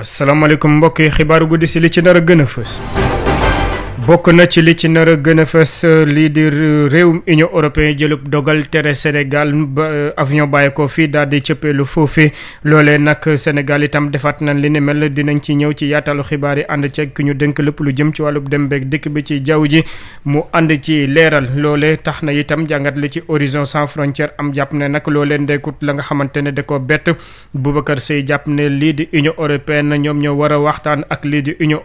asalaamaaleykum mbokk yi xibaaru guddi si li ci nar a gën a fës. bokk na ci li ci nar a gën a fës euh, lii di réew union européen jëlub dogal tere Sénégal ba euh, avion bàyyi ko fii daal di cëppeelu foofu loole nag Sénégal itam defaat nañ li ni mel dinañ ci ñëw ci yaataalu xibaar yi ànd ceeg ki ñu dënk lëpp lu jëm ci wàllu dem beeg dikk bi ci jaww ji mu ànd ci leeral loole tax na itam jàngat li ci horizon sans frontière am jàpp na nag loolee ndeykut la nga xamante ne da ko bett Boubacar Seye jàpp ne lii di union européenne ñoom ñoo war a waxtaan ak lii di union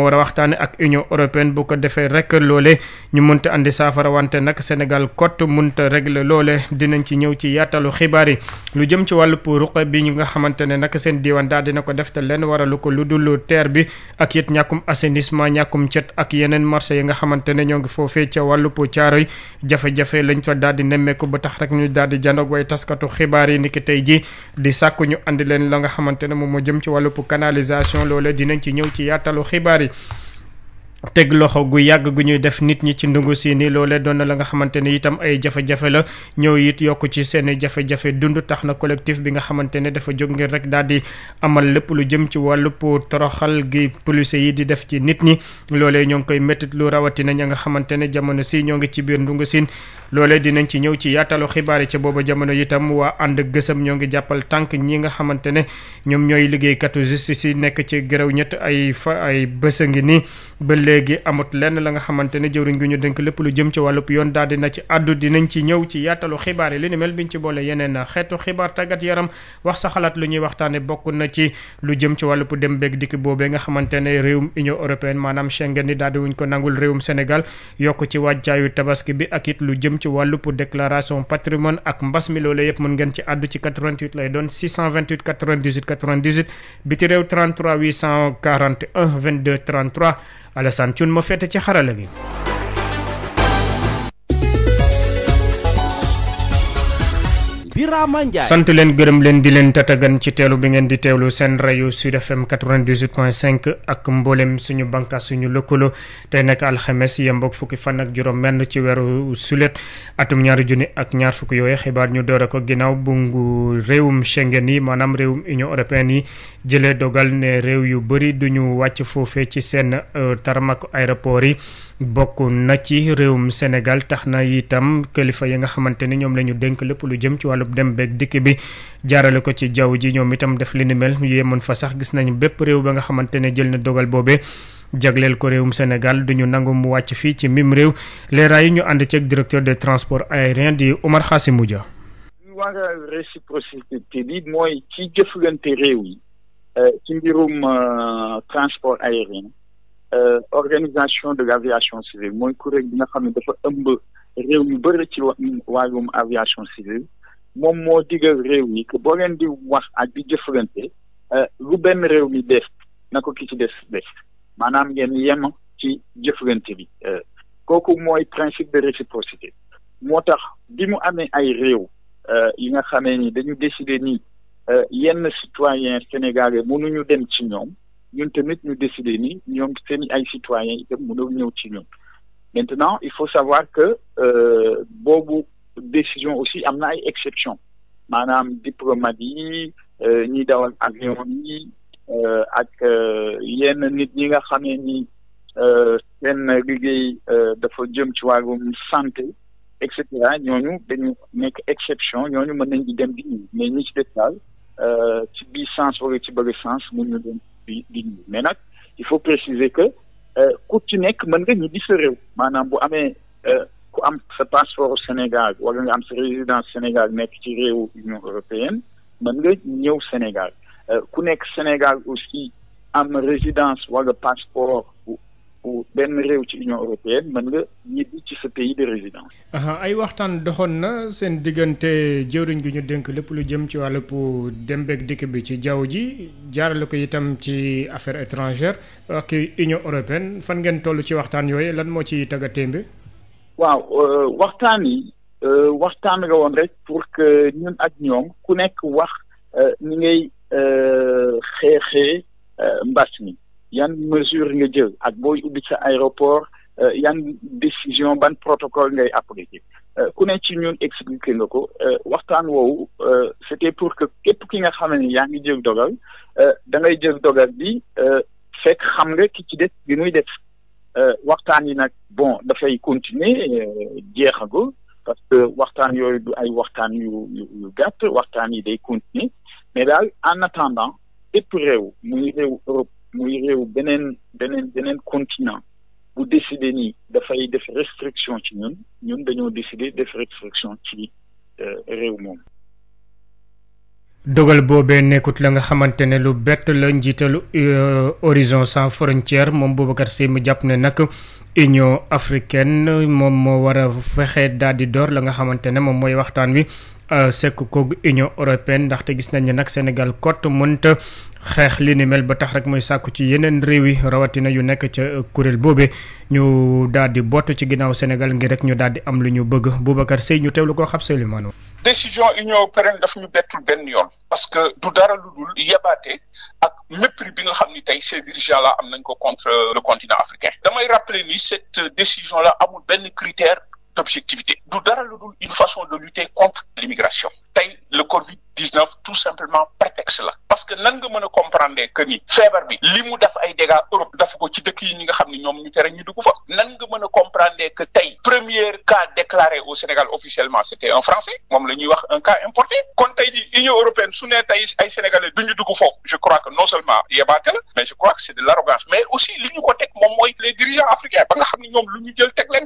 euh, moo war a waxtaane ak union européenne bu ko defee rek loole ñu mënta andi saafara wante nag Sénégal cote mënta régler loole dinañ ci ñëw ci yaatalu xibaar yi lu jëm ci wàllu ruqe bi ñu nga xamante ne nag seen diiwaan daal dina ko def te leen waralu ko lu dul teer bi ak it ñàkkum assainissement ñàkkum cet ak yeneen marché yi nga xamante ne ñoo ngi foofee ca wàllu caaro yi jafe-jafe lañ fa daal di nemmeeku ba tax rek ñu daal di janoog way taskatu xibaar yi niki tey ji di sàkku ñu andi leen la nga xamante ne moom moo jëm ci wàllu canalisation loolee dinañ teg loxo gu yàgg gu ñuy def nit ñi ci ndungu si ni loole doon la nga xamante ne itam ay jafe-jafe la ñëw it yokk ci seen jafe-jafe dund tax na collectif bi nga xamante ne dafa jóg ngir rek daal di amal lépp lu jëm ci wàll wàllub toroxal gi police yi di def ci nit ñi loole ñoo ngi koy méttit lu rawatina ña nga xamante ne jamono si ñoo ngi ci biir ndungu siin loolee dinañ ci ñëw ci yaatalu xibaar yi ca booba jamono itam waa ànd gësëm ñoo ngi jàppal tànk ñi nga xamante ne ñoom ñooy liggéeykatu justice si nekk ci gërëw ñett ay fa ay bés a ngi nii ba léegi amut lenn la nga xamante ne jëwriñ gu ñu dénk lépp lu jëm ci wàllub yoon daal na ci àddu dinañ ci ñëw ci yaatalu xibaar yi li ni mel ñu ci boole yeneen xeetu xibaar tàggat yaram wax sa xalaat lu ñuy waxtaane bokk na ci lu jëm ci wàllub dem beeg dikk boobee nga xamante ne réewum union européenne maanaam Schengen ni daal di wuñ ko nangul réewum Sénégal yokk ci wàjjaayu tabaski bi ak it lu jëm ci wàllu wàllub déclaration patrimoine ak mbas mi loolu yëpp mën ngeen ci àddu ci 88 lay doon 628 98 98 biti réew 33 841 22 33 Alassane Thioune ma fete ci xarala gi. Birama Ndiaye sant leen gërëm leen di leen tatagan ci teelu bi ngeen di teewlu seen rajo Sud FM 98.5 ak mboolem suñu bànqaas suñu lëkkaloo tey nekk alxames yem ak fukki fan ak juróom benn ci weeru sulet atum ñaari junni ak ñaar fukki yooyu xibaar ñu doore ko ginnaaw bu ngu réewum Schengen yi maanaam réewum Union européenne yi jëlee dogal ne réew yu bëri duñu wàcc foofee ci seen euh, tarmaku aéroport yi bokk na ci réewum Sénégal tax na itam kilifa yi nga xamante ni ñoom lañu ñu lépp lu jëm ci wàllu dem beeg dikk bi jaarale ko ci jaww ji ñoom itam def li ni mel yemoon fa sax gis nañu bépp réew ba nga xamante ne jël na dogal boobe jagleel ko réewum Sénégal duñu nangu mu wàcc fii ci mim réew leeraay yi ñu ànd ceeg directeur des transport aériens di Omar Khassimou Dia. li war a Euh, organisation de l' aviation civile mooy kuréel bi nga xam ne dafa ëmb réew yu bëri ci wàllum aviation civile moom moo digal réew yi ko boo leen di wax ak di jëflante euh, lu benn réew mi def na ko ki ci des def maanaam ngeen yem ci jëflante bi euh, kooku mooy principe de réciprocité moo tax bi mu amee ay réew yi nga xamee nii dañu décider ni yenn citoyen sénégalais mënuñu dem ci ñoom ñun tamit ñu décider ni ñoom seen ay citoyens itam mënoo ñëw ci ñun maintenant il faut savoir que euh, boobu décision aussi am na ay exception maanaam diplomate yi euh, ñi dawal avion yi euh, ak yenn nit ñi nga xamee ni seen liggéey dafa jëm ci wàllum santé et cetera ñooñu dañu nekk exception ñooñu mën nañ di dem di mais ñi ci des Euh, ci bii sens wala ci bëgg sens mun na doon di di mais nag il faut préciser que euh, ku ci nekk mën nga ñibbi sa réew maanaam bu amee euh, ku am sa passeport Sénégal wala nga am sa résidence Sénégal nekk ci réewu Union européenne mën nga ñëw Sénégal ku nekk Sénégal aussi am résidence wala passeport bu bu benn réew ci Union européenne mën nga ñibbi ci sa pays de résidence. ay waxtaan doxoon na seen diggante jëwriñ gi ñu dénk lépp lu jëm ci wàllu dem beeg dikk bi ci jaww ji jaarale ko itam ci affaire affaires étrangères ak Union européenne fan ngeen toll ci waxtaan yooyu lan moo ci tagga témbe waaw euh, waxtaan yi euh, waxtaan nga woon rek pour que ñun ak ñoom ku nekk wax euh, ni ngay xeexee mbas mi yan mesure nga jël ak booy ubbi sa aéroport euh, yan décision ban protocole ngay appliqué euh, ku ne ci ñun expliqué nga ko euh, waxtaan woowu c'était pour que képp ki nga xam ni yaa ngi jël dogal da ngay jël dogal bi fekk xam nga ki ci def bi muy def waxtaan yi nag bon dafay continuer jeexagul parce que waxtaan yooyu du ay waxtaan yu yu gàtt waxtaan yi day continuer mais daal en attendant képp réew muy réew Europe muy réew beneen beneen beneen continent bu décider nii dafay def restriction ci ñun ñun dañoo décider def restriction ci euh, réew moom dogal boobee nekkut la nga xamante ne lu bett la njiitalu euh, Horizon Sans Frontières moom Boubacar Sèye mu jàpp ne nag Union africaine moom moo war a fexe daal di door la nga xamante ne moom mooy waxtaan wi euh, sekk koog Union européenne ndaxte gis nañ ne nag Sénégal kott mënta xeex li ni mel ba tax rek mooy sàkku ci yeneen réew yi rawatina yu nekk ca kuréel boobe ñu daal di bott ci ginnaaw Sénégal ngir rek ñu daal di am lu ñu bëgg Boubacar Sèye ñu teewlu ko xam see décision union européenne daf ñu bettul benn yoon parce que du dara lu dul yebaate ak mépris bi nga xam ni tey ces dirigeants là am nañ ko contre le continent africain damay rappeler ni cette décision là amul benn critère d'objectivité du dara lu dul une façon de lutter contre l'immigration tey le Covid 19 tout simplement prétexte la parce que nan nga mën a comprendre que ni feebar bi li mu def ay dégâts Europe daf ko ci dëkk yi ñi nga xam ni ñoom ñu tere ñu dugg fa nan nga mën a comprendre que tey premier cas déclaré au Sénégal officiellement c'était un Français moom la ñuy wax un cas importé kon tey di Union européenne su nee tey ay ñu dugg foofu je crois que non seulement yebaate la mais je crois que c'est de l'arrogance mais aussi li leen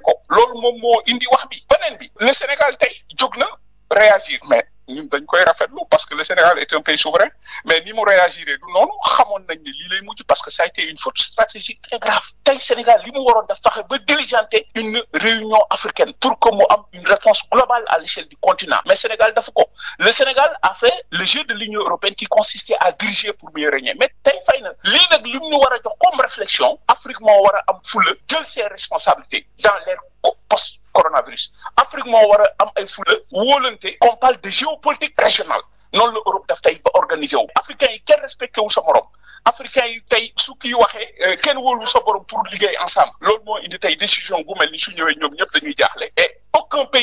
ko loolu moo indi wax bi beneen bi le Sénégal tey na réagir mais ñun dañ koy rafetlu parce que le Sénégal est un pays souverain mais ni mu réagir du noonu xamoon nañ ne lii lay mujj parce que ça a été une faute stratégique très grave tey Sénégal li mu waroon def fexe ba diligenter une réunion africaine pour que mu am une réponse globale à l'échelle du continent mais Sénégal dafa ko le Sénégal a fait le jeu de l'Union européenne qui consistait à diriger pour mieux régner mais tey fay na lii nag li mu ñu war a jox comme réflexion Afrique moo war a am fulla jël ses responsabilités dans l'ère post coronavirus Afrique moo war a am ay fula wóolante on parle de géopolitique régionale noonu la Europe daf tey ba organisé wu. africains yi kenn respecté wu sa morom africains yi tey su kii waxee euh, kenn wóolu sa borom pour liggéey ensemble loolu moo indi tey décision gu mel ni su ñëwee ñoom ñëpp dañuy jaaxle et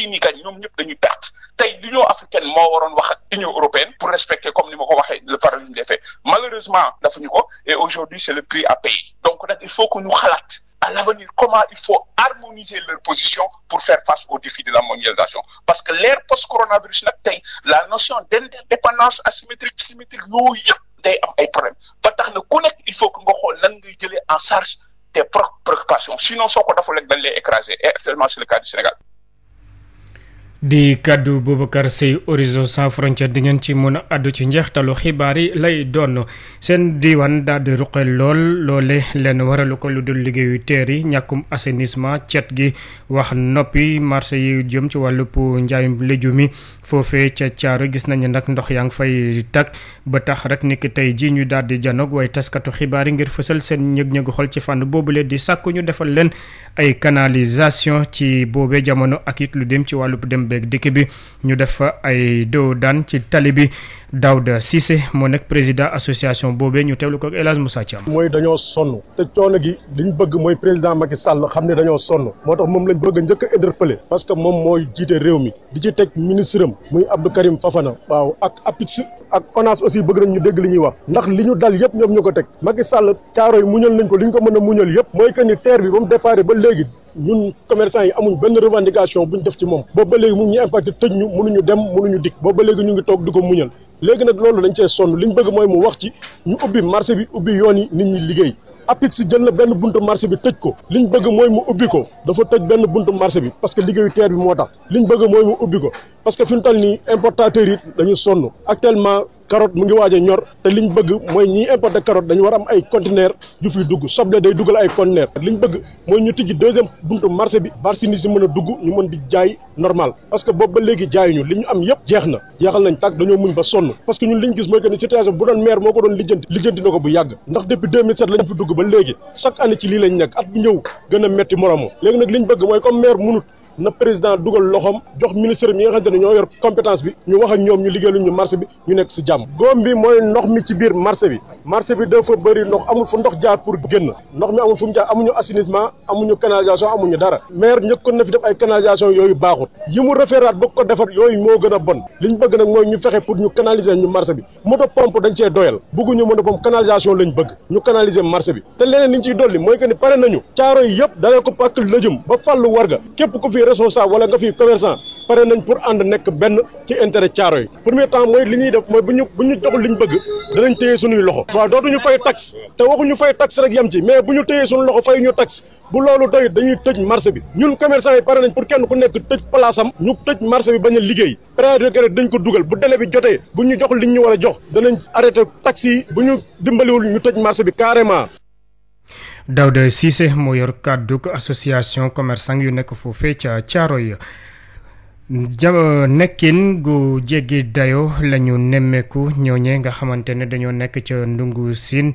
ni gañ ñoom ñëpp dañuy perte tey l'union africaine moo waroon wax ak union européenne pour respecter comme ni ma ko waxee le parallèle des faits malheureusement dafa ñu ko et aujourd'hui c'est le prix à payer donc nag il faut que xalaat. à l'avenir comment il faut harmoniser leur position pour faire face aux défis de la mondialisation parce que l'ère post-coronavirus nag la notion d'interdépendance asymétrique symétrique yooyu yëpp day am ay problème ba tax na ku nekk il faut que nga xool ngay jëlee en charge tes propres préoccupations sinon soo ko dafa lekk et actuellement c'est le cas du Sénégal di kàddu Boubacar Seye Horizon Sans Frontières di ngeen ci mën a àddu ci njeextalu xibaar yi lay doon seen diiwaan daal di ruqe lool loole leen waralu ko lu dul liggéeyu teer yi ñàkkum assainissement cet gi wax noppi marché yi jëm ci wàllu wàllub njaayum léjum yi foofee ca caaro gis nañu nag ndox yaa ngi fay tak ba tax rek ni ki tey ji ñu daal di janoog waaye taskatu xibaar yi ngir fësal seen ñëg-ñëgu xol ci fànn boobule di sàkk ñu defal leen ay canalisation ci boobee jamono ak it lu dem ci wàllub dem beeg dikk bi ñu def ay doo daan ci tali bi Daouda Cissé moo nekk président association boobee ñu teewlu ko ak El mooy dañoo sonn te coono gi li ñu bëgg mooy président Macky Sall xam ne dañoo sonn moo tax moom lañ bëgg a njëkk a interpellé parce que moom mooy jiite réew mi di ci teg ministre am muy Abdou Karim Fafana waaw ak APIX ak ONAS aussi bëgg nañ ñu dégg li ñuy wax ndax li ñu dal yëpp ñoom ñu ko teg Macky Sall caaro yi muñal nañ ko li ñu ko a mu départ ñun commerçant yi amuñ benn revendication bu ñu def ci moom boobu ba léegi mu ngi ñu impacté tëj ñu mënuñu dem mënuñu dikk boobu ba léegi ñu ngi toog di ko muñal léegi nag loolu dañ cee sonn liñ bëgg mooy mu wax ci ñu ubbi marché bi ubbi yoon yi nit ñi liggéey APIX si jël na benn buntu marché bi tëj ko liñ bëgg mooy mu ubbi ko dafa tëj benn buntu marché bi parce que liggéeyu teer bi moo tax liñ bëgg mooy mu ubbi ko parce que fi mu toll nii importateurs yi dañu sonn actuellement carotte mu ngi waaj a ñor te liñ bëgg mooy ñiy importer carotte dañu war am ay conteneur yu fiy dugg soble day duggal ay conteneur liñ bëgg mooy ñu tijji deuxième buntu marché bi marchandise si mën a dugg ñu mën di jaay normal parce que boobu ba léegi jaayuñu li ñu am yëpp jeex na jeexal nañ tàkk dañoo muñ ba sonn parce que ñun liñ gis mooy que ni situation bu doon maire moo ko doon lijjanti lijjanti ko bu yàgg ndax depuis 2007 lañ fi dugg ba léegi chaque année lii lañ nekk at bu ñëw gën a metti moromu léegi nag liñ bëgg mooy na président dugal loxoom jox ministre mi nga xamante ne ñoo yor compétence bi ñu wax ak ñoom ñu liggéey ñu marché bi ñu nekk si jàmm. góom bi mooy ndox mi ci biir marché bi marché bi dafa bëri ndox amul fu ndox jaar pour génn ndox mi amul fu mu jaar amuñu assainissement amuñu canalisation amuñu dara maire ñëkkoon na fi def ay canalisation yooyu baaxut yi mu reféeraat ba ko defar yooyu moo gën a bon ñu bëgg nag mooy ñu fexe pour ñu canaliser ñu marché bi moto pompe dañ cee doyal bëgguñu moto pompe canalisation lañ bëgg ñu canaliser marché bi te leneen liñ ciy dolli mooy que ni pare nañu caaro yëpp dana ko pàkk lëjum ba fii responsable wala nga fii commerçant pare nañ pour ànd nekk benn ci intérêt caaro yi premier temps mooy li ñuy def mooy bu ñu bu ñu joxul li ñu bëgg danañ téye suñuy loxo waaw dootuñu fay taxe te waxuñu fay taxe rek yem ci mais bu ñu téyee suñu loxo fay ñu taxe bu loolu doy dañuy tëj marché bi ñun commercant yi pare nañ pour kenn ku nekk tëj place ñu tëj marché bi bañ a liggéey préavis de grève dañ ko dugal bu délai bi jotee bu ñu jox li ñu war a jox danañ arrêté taxe yi bu ñu dimbaliwul ñu tëj marché bi carrément Daouda Cissé moo yor kàddug association commerçant yu nekk foofee ca Thiaroye ja nekkin gu jéggi dayo la ñu nemmeeku ñooñee nga xamante ne dañoo nekk ca ndungu siin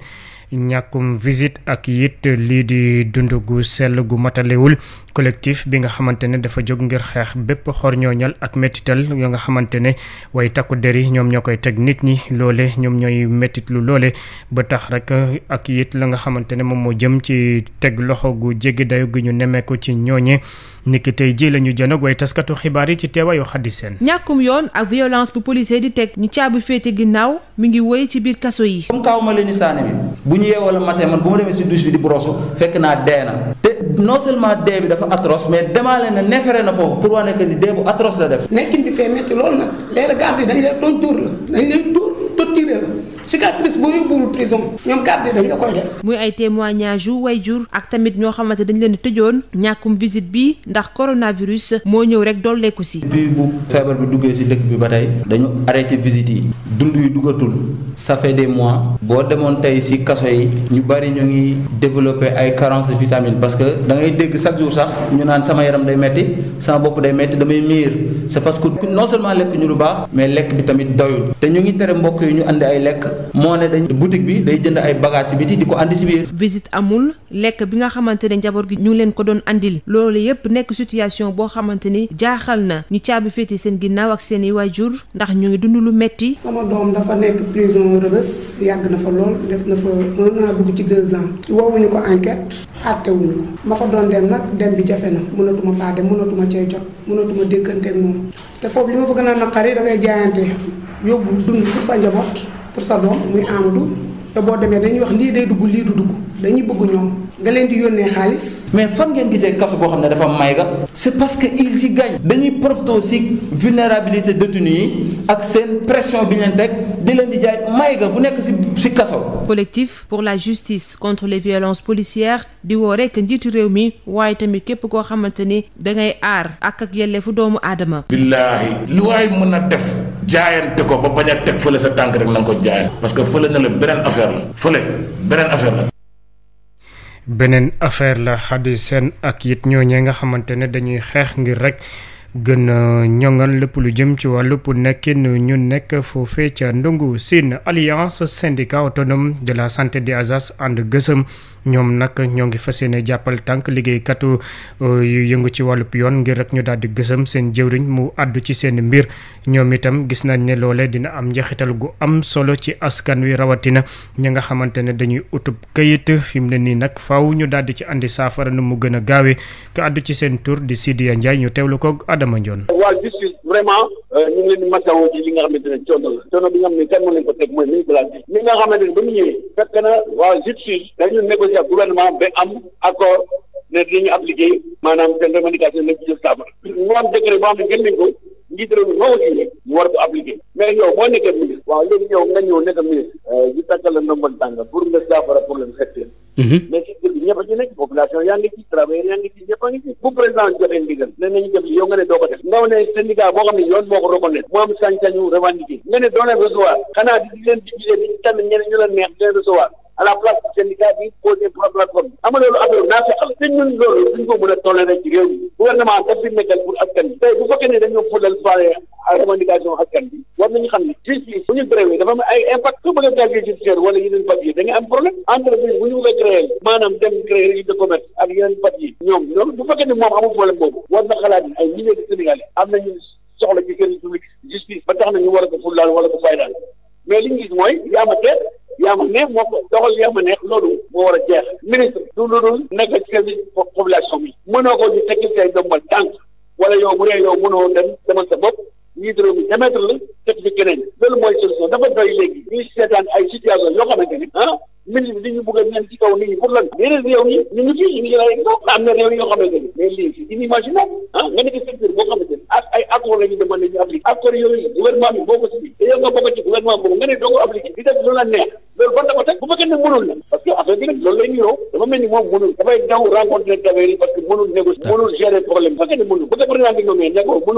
ñàkkum visite ak it lii di dund gu sell gu matalewul collectif bi nga xamante ne dafa jóg ngir xeex bépp xorñooñal ak méttital yoo nga xamante ne way takku der yi ñoom ñoo koy teg nit ñi loole ñoom ñooy méttit lu loole ba tax rek ak it la nga xamante ne moom moo jëm ci teg loxo gu jéggi dayo gi ñu nemmeeku ci ñooñe niki tey ji la ñu jënog way taskatu xibaar yi ci teewaayu xaddi seen ñàkkum yoon ak violence bu policier di teg ñu caabi féete ginnaaw mi ngi woy bu ñu yeewoo la matin man bu ma demee si douche bi di brosse fekk naa dee na te non seulement dee bi dafa atroce mais demaale na neefere na foofu pour wane que ni dee bu atroce la def. nekkin bi fee métti loolu nag léeg-léeg garde yi dañ lay doon dóor la dañ lay dóor torturé la. cicatrice boo yóbbuwul prison ñoom garde dañ la koy def. muy ay témoignages yu wayjur ak tamit ñoo xamante dañu leen di tëjoon ñàkkum visite bi ndax coronavirus moo ñëw rek dolleeku si. depuis bu feebar bi duggee si dëkk bi ba tey dañu arrêté visite yi dund yi duggatul ça fait mois boo demoon tey si kaso yi ñu bari ñu ngi développé ay carence de vitamine parce que da ngay dégg chaque jour sax ñu naan sama yaram day metti sama bopp day metti damay miir c'est parce que non seulement lekk ñu lu baax mais lekk bi tamit doyul te ñu ngi tere mbokk yi ñu andi ay lekk moo ne dañ boutique bi day jënd ay bagages si biti di ko andi si biir. visite amul lekk bi nga xamante ne njaboot gi ñu leen ko doon indil loolu yëpp nekk situation boo xamante ni jaaxal na ñu caabi féete seen ginnaaw ak seen waajur ndax ñu ngi dund lu metti sama doom dafa nekk prison Rebeuss yàgg na fa lool def na fa un an dugg ci deux ans woowuñu ko enquête àttewuñu ko ma fa doon dem nag dem bi jafe na mënatuma faa dem mënatuma cee jot mënatuma dékkanteeg moom te foofu li ma fa gën a naqari da ngay jaayante yóbbu dund pour sa doom muy Amadou te boo demee dañuy wax lii day dugg lii du dugg dañuy bëgg ñoom nga leen di yónnee xaalis. mais fan ngeen gisee kaso boo xam ne dafa may ga c'est parce que ils y gagnent dañuy profité aussi vulnérabilité détenu yi ak seen pression bi leen rek di leen di jaay may ga bu nekk ci ci kaso. collectif pour la justice contre les violences policières di woo rekk njiitu réew mi waaye tamit képp koo xamante ni dangay aar ak ak fu doomu aadama. billaahi lu waay mun a def. jaayante ko ba bañ a teg fële sa tànk na ko jaayante parce que fële na la beneen affaire la fële beneen affaire la. beneen affaire la xaddi seen ak it ñooñee nga xamante ne dañuy xeex ngir rek gën a ñoŋal lépp lu jëm ci wàllu nekkin ñu nekk foofee ca ndungu siin alliance syndicat autonome de la santé des ASAS ànd gësëm ñoom nag ñoo ngi fas yéene jàppal tànk liggéeykatu euh, yu yëngu ci wàllub yoon ngir rek ñu daal di gësëm seen jëwriñ mu àddu ci seen mbir ñoom itam gis nañ ne loole dina am njeexital gu am solo ci askan wi rawatina ñi nga xamante ne dañuy utub kayit fi mu ne nii nag faaw ñu daal ci andi saafara nu mu gën a gaawee àddu ci seen tur Adama Ndione. waa justice vraiment euh, ñu ngi leen li nga xamante ne coono la coono bi nga xam ne kenn mën nañu ko teg mooy ministre de la justice mi nga xamante ne ba mu ñëwee fekk na waa justice dañu négocier ak gouvernement am accord ne dinañu appliqué maanaam seen revendication lañ ci jël saafara am décret boo xam ne gën nañ njiit réew moo war ko appliqué mais yow boo nekkee ministre waaw léegi yow nga ñëw nekk ministre di euh, takkal la ndombal mais si dëkk ñëpp a ci nekk population yaa ngi ci travailleur yaa ngi ci ñëpp a ngi bu président joxe ndigal ne nañu def yow nga ne doo ko def ndaw ne syndicat boo xam ne yoon moo ko reconnaître moo am sañ-sañu revendiquer ne doo leen recevoir xanaa di di leen di tànn ñeneen ñu la neex di leen recevoir à la place du syndicat bi posé plateforme bi ama loolu affaire naa feqal te ñun loolu duñ ko mën a toléré ci réew mi gouvernement daf fi nekkal pour bu fekkee ne dañoo fudal soirée revendication askan bi war nañu xam ne justice bu ñu bréwee dafa am ay impact su bëgg a casier judiciaire wala yeneen papier da nga am problème entreprise bu ñu bëgg a créer maanaam dem créer registre de bu fekkee ne moom amul problème boobu war na xalaat ni ay milliers de sénégalais am nañu soxla ci service public justice ba tax na ñu war a ko fullaal wala ko faydaal mais li ñu gis mooy yaa ma teel yaa ma neex doxal yaa ma neex loolu moo a jeex ministre du lu dul nekk service population bi mënoo ko di tekki bal dombal tànk wala yo bu dee yow mënoo dem demal sa bopp ñi réew mi démettre la teg fi keneen loolu mooy solution dafa doy léegi ñuy seetaan ay situation yoo xamante ni ah ministre bi ñu bëgg a ñaan ci kaw nit ñi pour lan yeneen réew yi ñu ngi fii ñu ngi lay am na réew yoo xamante ni mais lii c'est inimaginable a ah, nga nekk secteur boo xamante ni accord la ñu demandé ñu appliqué accord yooyu gouvernement bi boo ko signé te yow nga bokk ci gouvernement boobu nga ne doo ko di def lu la neex loolu ban na mel ni moom mënul dafay daw rencontré taweer yi parce que mënul négocier mënul gérer problème bu fekkee ne mënul bu fekkee président bi ñoom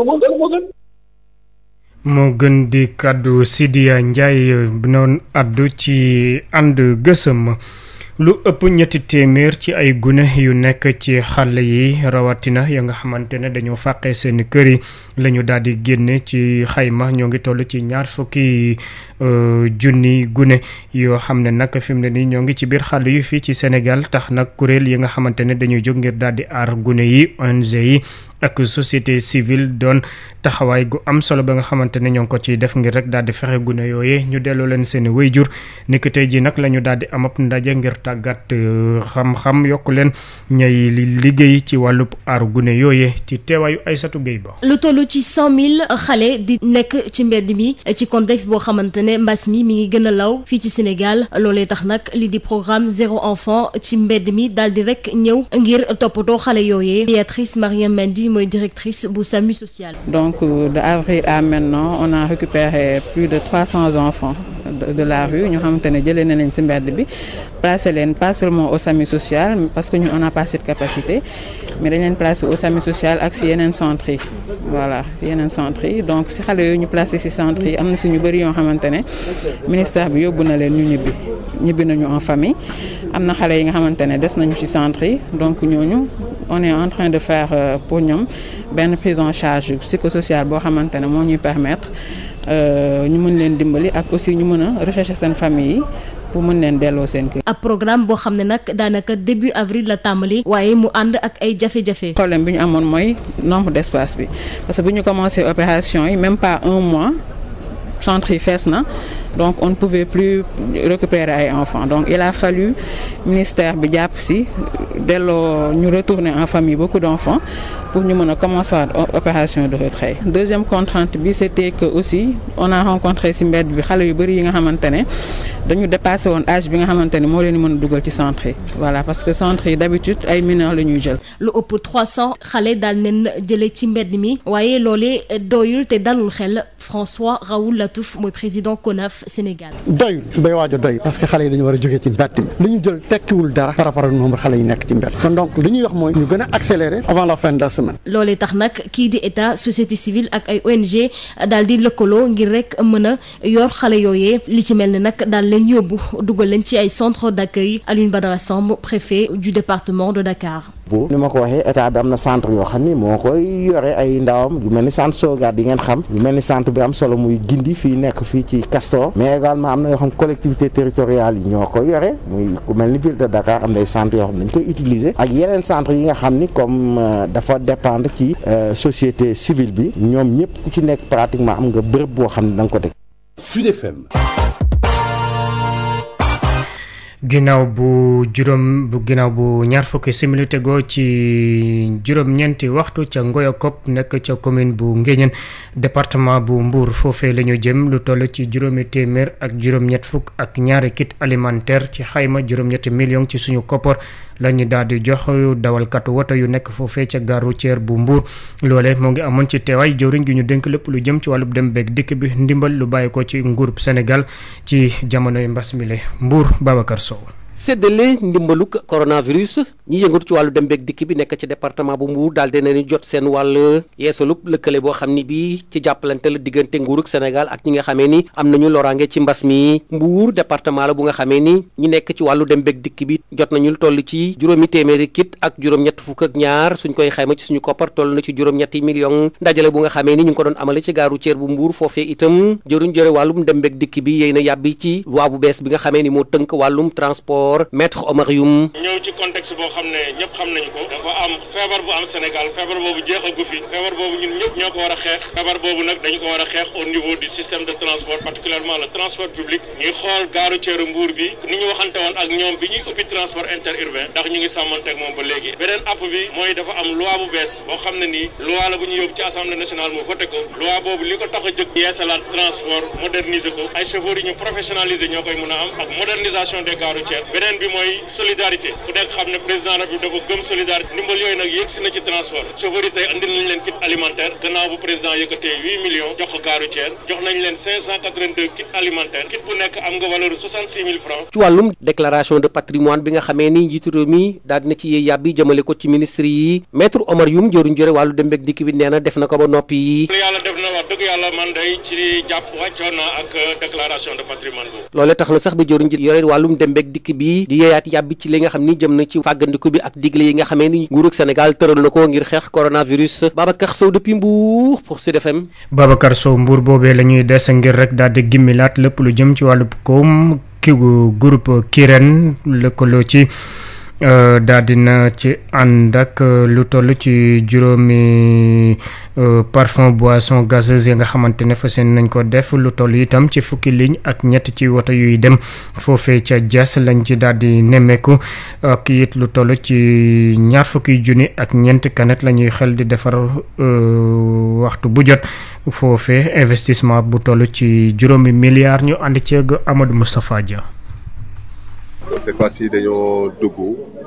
moo gën moo gën di kàddu Sidya Ndiaye noonu addu ci ànd gësëm lu ëpp ñetti téeméer ci ay gune yu nekk ci xàll yi rawatina ya nga xamante ne dañoo fàqee seen kër yi lañu ñu daal di génne ci xayma ñoo ngi toll ci ñaar fukki euh, junni gune yoo xam ne nag fi mu ne nii ñoo ngi ci biir xàll yu fii ci Sénégal tax nag kuréel yi nga xamante ne dañuy jóg ngir daal di aar gune yi ONG yi ak société civile doon taxawaay gu am solo ba nga xamante ne ñoo ngi ko ciy def ngir rek daal di fexe gune yooyee ñu delloo leen seeni i jur niki tey jii nag la ñu daal di am ab ndaje ngir tàggat euh, xam-xam yokk leen ñay liggéey ci wàllu aaru gune yooyee ci teewaayu Aysatu Gueye ba. lu toll ci cent mille xale di nekk ci mbedd mi ci contexte boo xamante ne mbas mi mi ngi gën a law fii ci Sénégal loolee tax nag li di programme zéro enfant ci mbedd mi daal di rek ñëw ngir toppatoo xale yooyee Sy mooy directrice bu SAMU social. donc euh, de avril à maintenant on a récupéré plus de trois cents enfants de, la rue ñoo xamante ne jëlee na leen ci mbedd bi placé leen pas seulement au SAMU social parce que ñu on n'a pas cette capacité mais dañ leen placé au SAMU social ak ci yeneen centres yi voilà yeneen centres yi donc si xale yooyu ñu placé si centres yi am na si ñu bari yoo xamante ne ministère bi yóbbu na leen ñu ñibbi ñibbi nañu en famille am na xale yi nga xamante ne des nañu ci centres yi am benn prise en charge psychosociale boo xamante ne moo ñuy permettre euh, ñu mën leen dimbali ak aussi ñu mën a rechercher seen famille yi pour mën leen delloo seen kër. ab programme boo xam ne nag daanaka début avril la tàmbali. waaye mu ànd ak ay jafe-jafe. problème bi ñu amoon mooy nombre d' espace bi parce que bu ñu commencé opération yi même pas un mois. centre yi fees na donc on ne pouvait plus récupérer ay enfants donc il a fallu ministère bi jàpp si delloo ñu retourner en famille beaucoup d'enfants pour ñu mën a commencer opération de retrait deuxième contrainte bi c'était que aussi on a rencontré si mbedd bi xale yu bëri yi nga xamante ne dañu dépassé woon âge bi nga xamante ne moo leen mën a dugal ci centre yi voilà parce que centre yi d'habitude ay mineurs la ñuy jël. lu ëpp 300 xale daal ci mbedd mi Diouf mooy président CONAF Sénégal. doyul bay waaj a doy parce que xale yi dañu war a jógee ci mbedd mi li ñu jël tekkiwul dara par rapport ak nombre xale yi nekk ci mbedd kon donc li ñuy wax mooy ñu gën a accélérer avant la fin de la semaine. loolee tax nag kii di état société civile ak ay ONG daal di lëkkaloo ngir rek mën a yor xale yooyee li ci mel ni nag daal leen yóbbu dugal leen ci ay centre d'accueil Alioune Badara Samb préfet du département de Dakar. bu ni ma ko waxee état bi am na centre yoo xam ni moo koy yore ay ndawam yu mel ni centre sauvegarde di ngeen xam yu mel ni centre bi am solo muy gindi fi nekk fii ci Castor mais également am na yoo xam collectivité territoriale yi ñoo koy yore muy ku mel ni ville de Dakar am na centre centres yoo xam dañ koy utiliser ak yeneen centre yi nga xam ni comme euh, dafa dépendre ci euh, société civile bi ñoom ñëpp ku ci nekk pratiquement am nga bërëb boo xam ne da ko teg ginnaaw bu juróom bu ginnaaw bu ñaar fukki simili tegoo ci juróom-ñeenti waxtu ca ngoyo Ngoyokop nekk ca commune bu Ngéñeen département bu Mbour foofee la ñu jëm lu toll ci juróomi téeméer ak juróom-ñett fukk ak ñaari kit alimentaire ci xayma juróom-ñetti million ci suñu koppar la ñu daal di jox dawalkatu woto yu nekk foofee ca gare routière bu Mbour loole moo ngi amoon ci teewaay joriñ gi ñu dénk lépp lu jëm ci wàllu dem beeg dikk bi ndimbal lu bàyyi ko ci nguurub Sénégal ci jamonoy mbas mi Sow séddale ndimbalug coronavirus ñi yëngatu ci wàllu dem beeg dikk bi nekk ci département bu Mbour daal dina ni jot seen wàll yeesalub lëkkale boo xam ni bii ci jàppalante la diggante nguurug Sénégal ak ñi nga xamee ni am nañu loraange ci mbas mi Mbour departement la bu nga xamee ni ñi nekk ci wàllu dem beeg dikk bi jot nañu toll ci juróomi téeméeri kit ak juróom-ñett fukk ak ñaar suñ koy xayma ci suñu koppar toll na ci juróom-ñetti million ndajale bu nga xamee ni ñu ko doon amale ci gaaru bu Mbour foofee itam jëruñ jëre wàllum dem dikk bi yéy na ci loi bi nga xamee ni moo tënk wàllum transport sport maître ñëw ci contexte boo xam ne ñëpp xam nañu ko dafa am feebar bu am Sénégal feebar boobu jeexagu fi feebar boobu ñun ñëpp ñoo ko war xeex feebar boobu nag dañu ko war xeex au niveau du système de transport particulièrement le transport public ñuy xool gaaru ceeru mbuur bi ni ñu waxante woon ak ñoom bi ñuy ubbi transport interurbain ndax ñu ngi sàmmanteeg moom ba léegi beneen app bi mooy dafa am loi bu bees boo xam ne nii loi la bu beneen bi mooy solidarité ku nekk xam ne président rabi dafa gëm solidarité ndimbal yooyu nag yegsi na ci transport chauffeur yi tey andi nañ leen kit alimentaire gannaaw bu président yëkkatee huit millions jox ko gare jox nañ leen cinq cent quatre vingt kit alimentaire kit bu nekk am nga valeur soixante-six mille francs ci wàllum déclaration de patrimoine bi nga xamee ni njiitu réew mi daal na ci yee yàbbi jëmale ko ci ministre yi maître Omar Youm jëruñ jëre wàllu dem beeg dikk bi nee na def na ko ba noppi wax dëgg yàlla man tax na sax bi jëwriñ ji yore wàllum dem beeg dikk bi di yeeyaat yàbbi ci li nga xam ni jëm na ci fàggandiku bi ak digle yi nga xamee ni nguurug senegal tëral na ko ngir xeex coronavirus Babacar Sow depuis Mbour pour Sud FM. Babacar Sow Mbour boobee la ñuy des ngir rek daal di laat lépp lu jëm ci wàllu koom ki groupe Kirène lëkkaloo ci. Euh, daal na ci ànd ak euh, lu toll ci juróomi euh, parfum boisson gazeuse yi nga xamante ne fa seen nañ ko def lu toll itam ci fukki ligne ak ñett ci woto yuy dem foofee ca Diass lañ ci daal di nemmeeku ak it lu toll ci ñaar fukki junni ak ñeent kanet la ñuy xel di defar waxtu bu jot foofee investissement bu toll ci juróomi milliards ñu ànd ceeg Amadou Moustapha Dia donc cette fois-ci dañoo dugg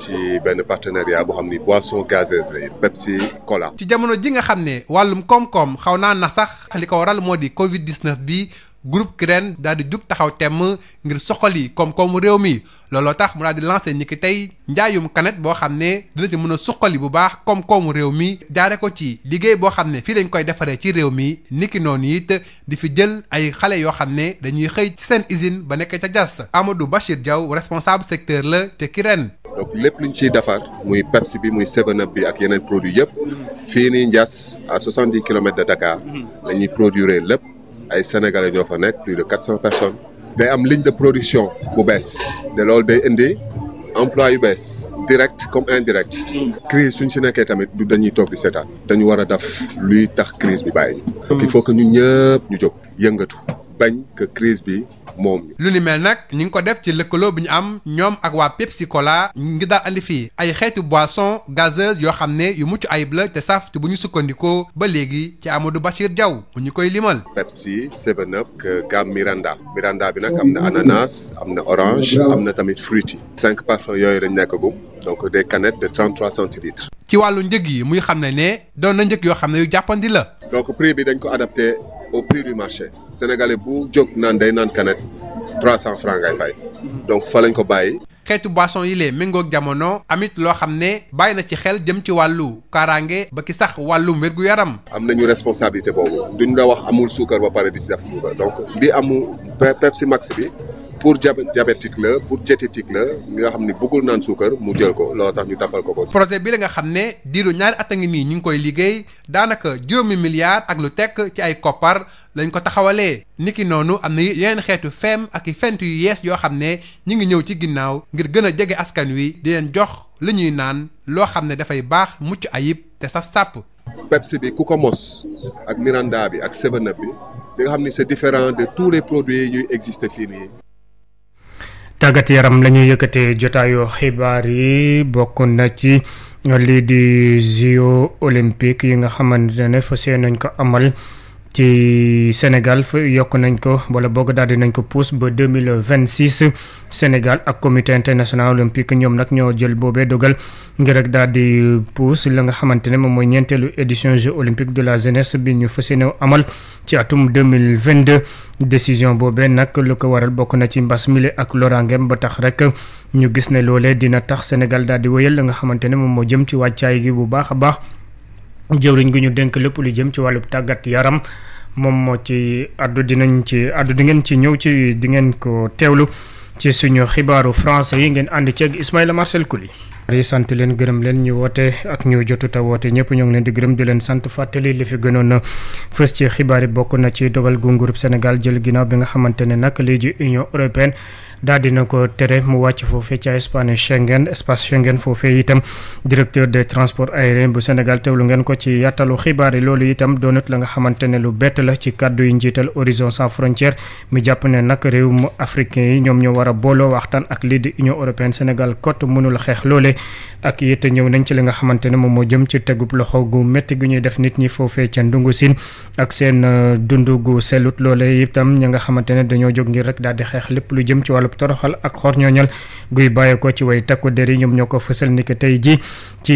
ci benn partenariat boo xam ni boisson gazeuse lay Pepsi Cola. ci jamono ji nga xam ne wàllum koom-koom xaw naa na sax li ko waral moo di Covid 19 bi. groupe CREN daal di taxaw temm ngir soxali koom-koomu réew mi looloo tax mu daal di nikki tey njaayum kanet boo xam ne dina ci mën a suqali bu baax koom-koomu réew mi jaare ko ci liggéey boo xam ne fii lañ koy defaree ci réew mi niki noonu it di fi jël ay xale yoo xam ne dañuy xëy ci seen usine ba nekk ca jaas jas Amadou Bachir Diaw responsable secteur la te CREN donc lépp lu ñu ciy defar muy Pepsi bi muy Seven Up bi ak yeneen produit yëpp fii nii Ndiass à soixante-dix de Dakar mm-hmm. la ñuy produire lépp ay sénégalais ñoo fa nekk plus de cent personnes. day am ligne de production bu bees te loolu day indi emploi yu bees direct comme indirect. crise suñ si nekkee tamit du dañuy toog di seetaan. dañu war a def luy tax crise bi bàyyi. donc il faut que ñu ñëpp ñu jóg yëngatu bañ que crise bi. moom lu ni mel nag ñi ngi ko def ci lëkkaloo bi ñu am ñoom ak waa Pepsi Cola ngi daal andi ay xeetu boisson gazeuse yoo xam ne yu mucc ayib la te saf bu ñu sukkandikoo ba léegi ci Amadou Bachir Diaw bu ñu koy limal Pepsi Seven Up gamme Miranda Miranda bi nag am na ananas am na orange am na tamit fruits yi cinq parfums yooyu lañ nekkagum donc des canettes de 33 centilitres ci wàllu njëg yi muy xam ne ne doon na njëg yoo xam ne yu jàppandi la donc prix bi dañ ko adapté au prix du marché sénégalais bu jóg naan day naan canette 300 francs ngay fay donc fa lañ ko bàyyi. xeetu boisson yi lee méngoog jamono amit loo xam ne bàyyi na ci xel jëm ci wàllu kaaraange ba ki sax wàllum wérgu yaram. am nañu responsabilité boobu duñ la wax amul suukar ba pare di ci def suukar donc bi amu Pepsi Max bi. pour diabétique la pour diététique la nga xam ne bëggul naan suukar mu jël ko loo tax ñu dafal ko ko. projet bi la nga xam ne diiru ñaari at a ngi nii ñu ngi koy liggéey daanaka juróomi milliards ak lu tekk ci ay koppar lañ ko taxawalee. niki noonu am na yeneen xeetu feem ak i fent yu yees yoo xam ne ñu ngi ñëw ci ginnaaw ngir gën a jege askan wi di leen jox li ñuy naan loo xam ne dafay baax mucc ayib te saf sàpp. Pepsi bi ku ko mos ak Miranda bi ak Seven bi li nga xam ni c'est différent de tous les produits yuy existé fii tàggat yaram la ñuy yëkkatee jotaayu xibaar yi bokk na ci lii di JO olympique yi nga xamante fa fas nañ ko amal. ci Sénégal fa yokk nañ ko wala boog daal di nañ ko pousse ba deux mille vingt six Sénégal ak comité international olympique ñoom nag ñoo jël boobee dogal ngir rek daal di pousse la nga xamante ne moom mooy ñeenteelu édition Jeux olympiques de la jeunesse bi ñu fas yéene amal ci atum deux mille vingt deux décision boobee nag lu ko waral bokk na ci mbas mile ak loraangeem ba tax rek ñu gis ne loolee dina tax Sénégal daal di wéyal la nga xamante ne moom moo jëm ci wàccaay gi bu baax a jëwriñ gu ñu dénk lépp lu jëm ci wàllu tàggat yaram moom moo ci addu dinañ ci addu di ngeen ci ñëw ci di ngeen ko teewlu ci suñu xibaaru français yi ngeen ànd ceeg Ismaïla Marcel Kouly yi sant leen gërëm leen ñu woote ak ñu jotuta woote ñëpp ñoo ngi leen di gërëm di leen sant fàttali li fi gënoon fës ci xibaar yi bokk na ci dogal gu nguurub Sénégal jël ginnaaw bi nga xamante ne nag lii ji Union européenne daal na ko tere mu wàcc foofee ca Espagne Schengen espace Schengen foofee itam directeur des transport aériens bu Sénégal teewlu ngeen ko ci yattalu xibaar yi loolu itam doonut la nga xamante ne lu bett la ci kàddu yi njiital Horizon sans frontières mi jàpp ne nag réew mu africain yi ñoom ñoo war a booloo waxtaan ak lii di Union européenne Sénégal cot mënul xeex loole ak it ñëw nañ ci li nga xamante ne moom moo jëm ci tegub loxo gu métti gu ñuy def nit ñi foofee ca ndungu siin ak seen euh, dund gu sellut loole itam ñi nga xamante ne dañoo jóg ngir rek daal di xeex lépp lu jëm ci wàllu ak toroxal ak xorñooñal guy bàyyeekoo ci way takku der yi ñoom ñoo ko fësal ni que tey ji ci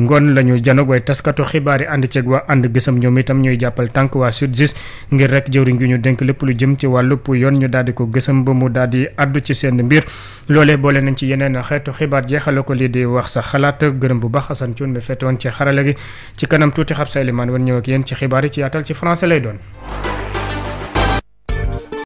ngoon la ñu janoog way taskatu xibaar yi ànd ceeg waa ànd gësam ñoom itam ñooy jàppal tànk waa sud gis ngir rek jëwriñ gi ñu denk lépp lu jëm ci wàllup yoon ñu daal di ko gësam ba mu daal di addu ci seen mbir loole boole nañ ci yeneen xeetu xibaar jeexale ko lii di wax sa xalaat gërëm bu baax Assane Thioune mi fettoon ci xarala gi ci kanam tuuti xab sa limaan wan ñëw ak yéen ci xibaar yi ci yaatal ci français lay doon